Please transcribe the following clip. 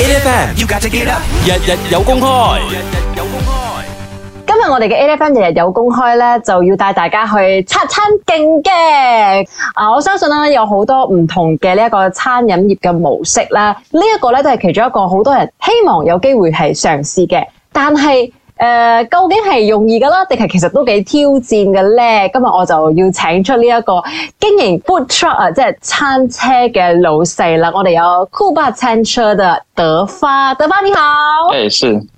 A F M，you got to get up 日日有公開，今日我哋的 A F M 日日有公開呢，就要帶大家去餐餐勁技。啊！我相信啦，有好多唔同嘅呢個餐飲業嘅模式啦。呢一個呢，都係其中一個好多人希望有機會係嘗試嘅，但係誒、uh，究竟係容易嘅啦，定係其實都幾挑戰嘅呢？今日我就要請出呢一個經營 food truck 啊，即係餐車嘅老細啦。我哋有酷爸餐車嘅德發，德發你好。誒、hey，是。